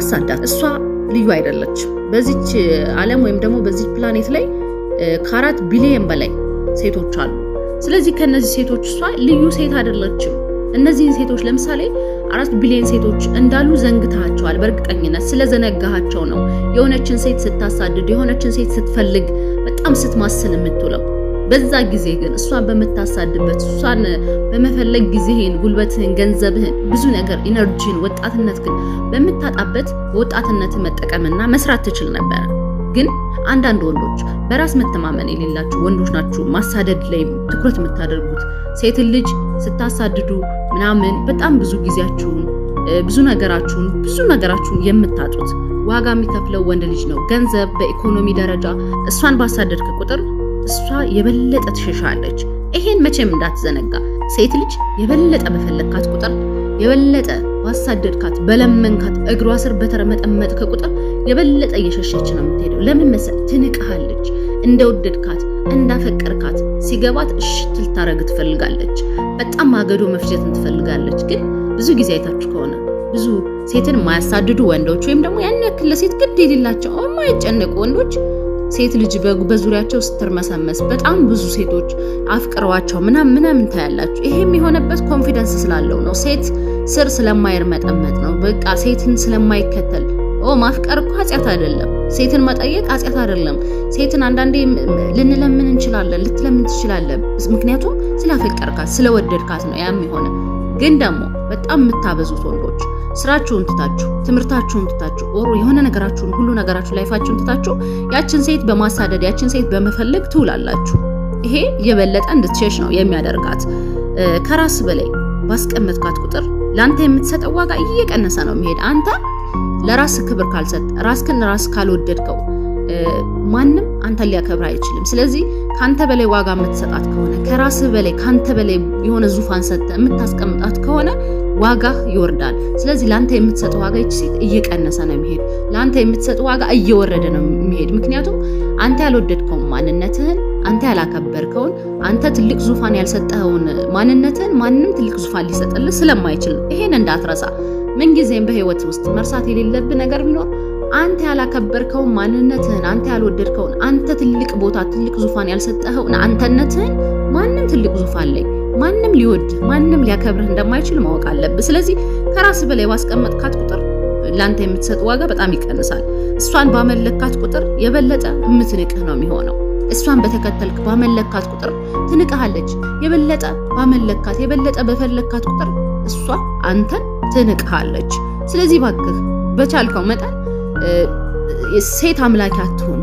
አሳዳት። እሷ ልዩ አይደለችም። በዚች ዓለም ወይም ደግሞ በዚች ፕላኔት ላይ ከአራት ቢሊየን በላይ ሴቶች አሉ። ስለዚህ ከነዚህ ሴቶች እሷ ልዩ ሴት አይደለችም። እነዚህን ሴቶች ለምሳሌ አራት ቢሊዮን ሴቶች እንዳሉ ዘንግተሃቸዋል። በእርግጠኝነት ስለዘነጋሃቸው ነው የሆነችን ሴት ስታሳድድ፣ የሆነችን ሴት ስትፈልግ፣ በጣም ስትማስል የምትውለው። በዛ ጊዜ ግን እሷን በምታሳድበት እሷን በመፈለግ ጊዜህን፣ ጉልበትህን፣ ገንዘብህን፣ ብዙ ነገር ኢነርጂን፣ ወጣትነት ግን በምታጣበት በወጣትነት መጠቀምና መስራት ትችል ነበረ። ግን አንዳንድ ወንዶች በራስ መተማመን የሌላቸው ወንዶች ናቸው ማሳደድ ላይ ትኩረት የምታደርጉት ሴትን ልጅ ስታሳድዱ ምናምን በጣም ብዙ ጊዜያችሁን ብዙ ነገራችሁን ብዙ ነገራችሁን የምታጡት ዋጋ የሚከፍለው ወንድ ልጅ ነው። ገንዘብ፣ በኢኮኖሚ ደረጃ እሷን ባሳደድክ ቁጥር እሷ የበለጠ ትሸሻለች። ይሄን መቼም እንዳትዘነጋ። ሴት ልጅ የበለጠ በፈለግካት ቁጥር የበለጠ ባሳደድካት፣ በለመንካት፣ እግሯ ስር በተረመጠመጥክ ቁጥር የበለጠ እየሸሸች ነው የምትሄደው። ለምን መሰል ትንቅሃለች። እንደወደድካት እንዳፈቀርካት ሲገባት እሽትልታረግ ትፈልጋለች። በጣም ማገዶ መፍጀትን ትፈልጋለች። ግን ብዙ ጊዜ አይታችሁ ከሆነ ብዙ ሴትን የማያሳድዱ ወንዶች ወይም ደግሞ ያን ያክል ለሴት ግድ የሌላቸው የማይጨነቁ ወንዶች ሴት ልጅ በዙሪያቸው ስትርመሰመስ በጣም ብዙ ሴቶች አፍቅረዋቸው ምናም ምናምን ታያላችሁ። ይሄም የሆነበት ኮንፊደንስ ስላለው ነው። ሴት ስር ስለማይርመጠመጥ ነው። በቃ ሴትን ስለማይከተል ኦ ማፍቀር እኮ ኃጢአት አይደለም። ሴትን መጠየቅ ኃጢአት አይደለም። ሴትን አንዳንዴ ልንለምን እንችላለን፣ ልትለምን ትችላለን። ምክንያቱም ስላፈቀርካት ስለወደድካት ነው። ያም የሆነ ግን ደግሞ በጣም የምታበዙት ወንዶች ስራችሁን ትታችሁ ትምህርታችሁን ትታችሁ ኦሮ የሆነ ነገራችሁን ሁሉ ነገራችሁ ላይፋችሁን ትታችሁ ያችን ሴት በማሳደድ ያችን ሴት በመፈለግ ትውላላችሁ። ይሄ የበለጠ እንድትሸሽ ነው የሚያደርጋት። ከራስ በላይ ባስቀመጥካት ቁጥር ለአንተ የምትሰጠው ዋጋ እየቀነሰ ነው የሚሄድ። አንተ ለራስ ክብር ካልሰጥ ራስክን ራስ ካልወደድከው ማንም አንተ ሊያከብር አይችልም። ስለዚህ ከአንተ በላይ ዋጋ የምትሰጣት ከሆነ ከራስህ በላይ ከአንተ በላይ የሆነ ዙፋን ሰጠ የምታስቀምጣት ከሆነ ዋጋ ይወርዳል። ስለዚህ ለአንተ የምትሰጥ ዋጋ ች ሴት እየቀነሰ ነው የሚሄድ፣ ለአንተ የምትሰጥ ዋጋ እየወረደ ነው የሚሄድ። ምክንያቱም አንተ ያልወደድከውን ማንነትህን፣ አንተ ያላከበርከውን፣ አንተ ትልቅ ዙፋን ያልሰጠኸውን ማንነትህን ማንም ትልቅ ዙፋን ሊሰጥልህ ስለማይችል ይሄን እንዳትረሳ። ምንጊዜም በህይወት ውስጥ መርሳት የሌለብህ ነገር ቢኖር አንተ ያላከበርከውን ማንነትህን፣ አንተ ያልወደድከውን፣ አንተ ትልቅ ቦታ ትልቅ ዙፋን ያልሰጠኸውን አንተነትህን ማንም ትልቅ ዙፋን ላይ ማንም ሊወድ ማንም ሊያከብርህ እንደማይችል ማወቅ አለብህ። ስለዚህ ከራስ በላይ ባስቀመጥካት ቁጥር ለአንተ የምትሰጥ ዋጋ በጣም ይቀንሳል። እሷን ባመለካት ቁጥር የበለጠ የምትንቅህ ነው የሚሆነው። እሷን በተከተልክ ባመለካት ቁጥር ትንቅሃለች። የበለጠ ባመለካት የበለጠ በፈለካት ቁጥር እሷ አንተን ትንቅሃለች። ስለዚህ ባክህ በቻልከው መጠን ሴት አምላክ አትሁን።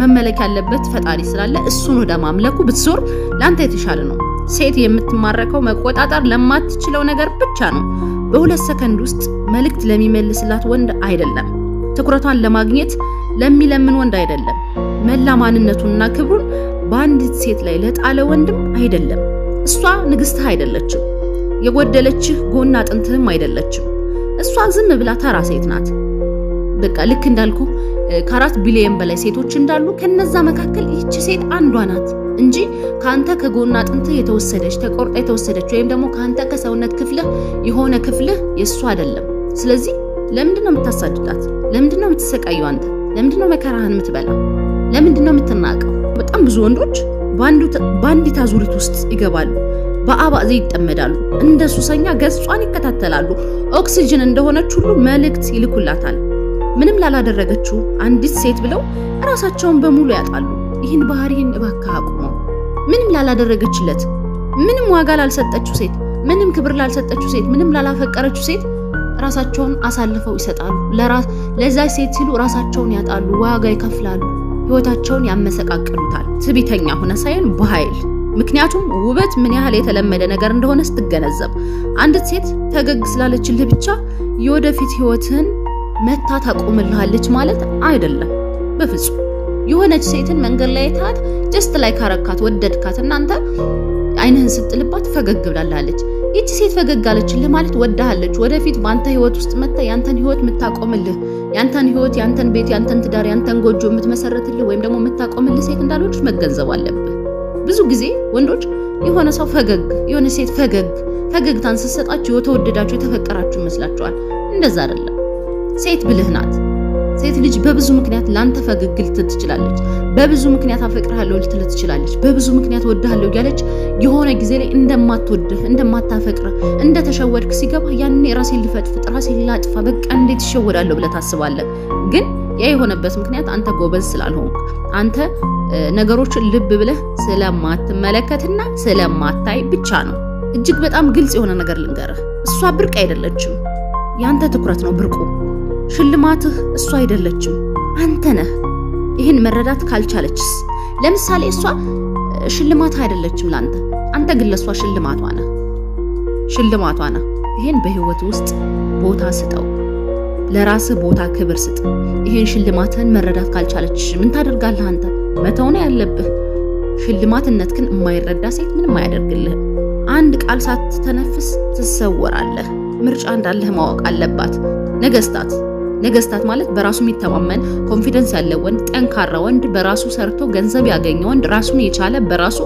መመለክ ያለበት ፈጣሪ ስላለ እሱን ወደ ማምለኩ ብትዞር ለአንተ የተሻለ ነው። ሴት የምትማረከው መቆጣጠር ለማትችለው ነገር ብቻ ነው። በሁለት ሰከንድ ውስጥ መልእክት ለሚመልስላት ወንድ አይደለም። ትኩረቷን ለማግኘት ለሚለምን ወንድ አይደለም። መላ ማንነቱንና ክብሩን በአንዲት ሴት ላይ ለጣለ ወንድም አይደለም። እሷ ንግስትህ አይደለችም። የጎደለችህ ጎና አጥንትህም አይደለችም። እሷ ዝም ብላ ተራ ሴት ናት። በቃ ልክ እንዳልኩ ከአራት ቢሊዮን በላይ ሴቶች እንዳሉ ከነዛ መካከል ይቺ ሴት አንዷ ናት እንጂ ከአንተ ከጎና አጥንት የተወሰደች ተቆርጣ የተወሰደች ወይም ደግሞ ከአንተ ከሰውነት ክፍልህ የሆነ ክፍልህ የእሱ አይደለም። ስለዚህ ለምንድን ነው የምታሳድዳት? ለምንድን ነው የምትሰቃየው? አንተ ለምንድን ነው መከራህን የምትበላ? ለምንድን ነው የምትናቀው? በጣም ብዙ ወንዶች በአንዲት አዙሪት ውስጥ ይገባሉ። በአባዜ ይጠመዳሉ። እንደ ሱሰኛ ገጿን ይከታተላሉ። ኦክሲጅን እንደሆነች ሁሉ መልእክት ይልኩላታል። ምንም ላላደረገችው አንዲት ሴት ብለው ራሳቸውን በሙሉ ያጣሉ። ይህን ባህሪን እባክህ አቁመው። ምንም ላላደረገችለት፣ ምንም ዋጋ ላልሰጠችው ሴት፣ ምንም ክብር ላልሰጠችው ሴት፣ ምንም ላላፈቀረችው ሴት ራሳቸውን አሳልፈው ይሰጣሉ። ለዛ ሴት ሲሉ ራሳቸውን ያጣሉ፣ ዋጋ ይከፍላሉ፣ ህይወታቸውን ያመሰቃቅሉታል። ትዕቢተኛ ሆነ ሳይሆን በኃይል ምክንያቱም ውበት ምን ያህል የተለመደ ነገር እንደሆነ ስትገነዘብ አንዲት ሴት ፈገግ ስላለችልህ ብቻ የወደፊት ህይወትህን መታ ታቆምልሃለች ማለት አይደለም በፍጹም። የሆነች ሴትን መንገድ ላይ ታት ጀስት ላይ ካረካት ወደድካት፣ እናንተ አይንህን ስጥልባት ፈገግ ብላለች። ይቺ ሴት ፈገግ አለችን ለማለት ወዳሃለች። ወደፊት በአንተ ህይወት ውስጥ መታ ያንተን ህይወት የምታቆምልህ ያንተን ህይወት ያንተን ቤት ያንተን ትዳር ያንተን ጎጆ የምትመሰረትልህ ወይም ደግሞ የምታቆምልህ ሴት እንዳልሆነች መገንዘብ አለብህ። ብዙ ጊዜ ወንዶች የሆነ ሰው ፈገግ የሆነ ሴት ፈገግ ፈገግታን ስትሰጣችሁ የተወደዳችሁ የተፈቀራችሁ ይመስላችኋል። እንደዛ አይደለም። ሴት ብልህ ናት። ሴት ልጅ በብዙ ምክንያት ላንተ ፈገግ ልትል ትችላለች። በብዙ ምክንያት አፈቅርሃለሁ ልትል ትችላለች። በብዙ ምክንያት ወድሃለሁ እያለች የሆነ ጊዜ ላይ እንደማትወድህ፣ እንደማታፈቅርህ፣ እንደተሸወድክ ሲገባ ያኔ ራሴን ልፈጥፍጥ፣ ራሴን ላጥፋ፣ በቃ እንዴት ይሸወዳለሁ ብለህ ታስባለህ። ግን ያ የሆነበት ምክንያት አንተ ጎበዝ ስላልሆንክ፣ አንተ ነገሮችን ልብ ብለህ ስለማትመለከትና ስለማታይ ብቻ ነው። እጅግ በጣም ግልጽ የሆነ ነገር ልንገርህ፣ እሷ ብርቅ አይደለችም። ያንተ ትኩረት ነው ብርቁ ሽልማትህ እሷ አይደለችም አንተ ነህ። ይህን መረዳት ካልቻለችስ? ለምሳሌ እሷ ሽልማት አይደለችም ላንተ፣ አንተ ግን ለእሷ ሽልማቷ ነህ። ሽልማቷ ነህ። ይህን በህይወት ውስጥ ቦታ ስጠው። ለራስህ ቦታ ክብር ስጥ። ይህን ሽልማትህን መረዳት ካልቻለች ምን ታደርጋለህ አንተ? መተውነ ያለብህ። ሽልማትነት ግን የማይረዳ ሴት ምንም አያደርግልህም። አንድ ቃል ሳትተነፍስ ትሰወራለህ። ምርጫ እንዳለህ ማወቅ አለባት ነገስታት ነገስታት ማለት በራሱ የሚተማመን ኮንፊደንስ ያለው ወንድ፣ ጠንካራ ወንድ፣ በራሱ ሰርቶ ገንዘብ ያገኘ ወንድ፣ ራሱን የቻለ በራሱ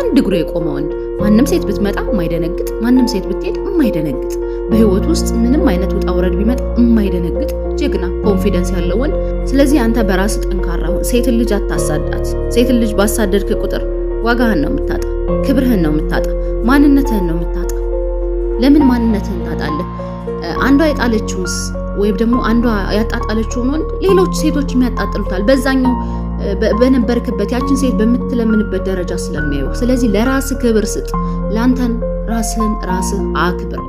አንድ እግሩ የቆመ ወንድ። ማንም ሴት ብትመጣ የማይደነግጥ፣ ማንም ሴት ብትሄድ የማይደነግጥ፣ በህይወት ውስጥ ምንም አይነት ውጣ ውረድ ቢመጣ የማይደነግጥ ጀግና ኮንፊደንስ ያለው ወንድ። ስለዚህ አንተ በራስ ጠንካራ ሁን። ሴትን ልጅ አታሳዳት። ሴትን ልጅ ባሳደድክ ቁጥር ዋጋህን ነው የምታጣ፣ ክብርህን ነው የምታጣ፣ ማንነትህን ነው የምታጣ። ለምን ማንነትህን ታጣለህ? አንዷ የጣለችውስ ወይም ደግሞ አንዷ ያጣጣለችውን ወንድ ሌሎች ሴቶች የሚያጣጥሉታል። በዛኛው በነበርክበት ያችን ሴት በምትለምንበት ደረጃ ስለሚያየው። ስለዚህ ለራስ ክብር ስጥ። ላንተን ራስህን ራስህ አክብር።